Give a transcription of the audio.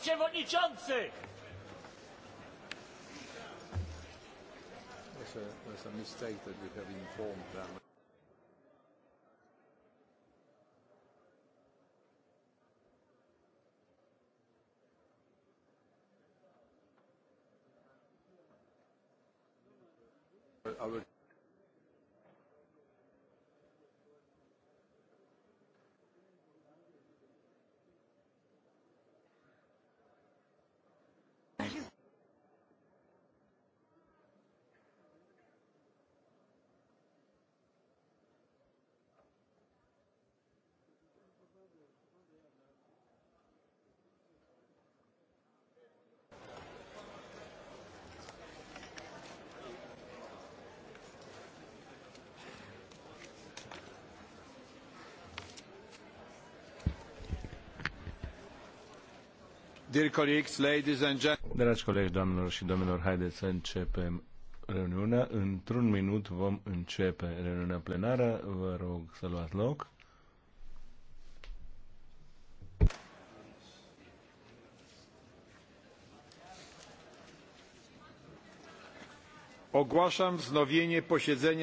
przewodniczący! There's a, there's Our Dragi colegi, doamnelor și domnilor, haideți să începem reuniunea. Într-un minut vom începe reuniunea plenară. Vă rog să luați loc. Ogłaszam wznowienie posiedzenia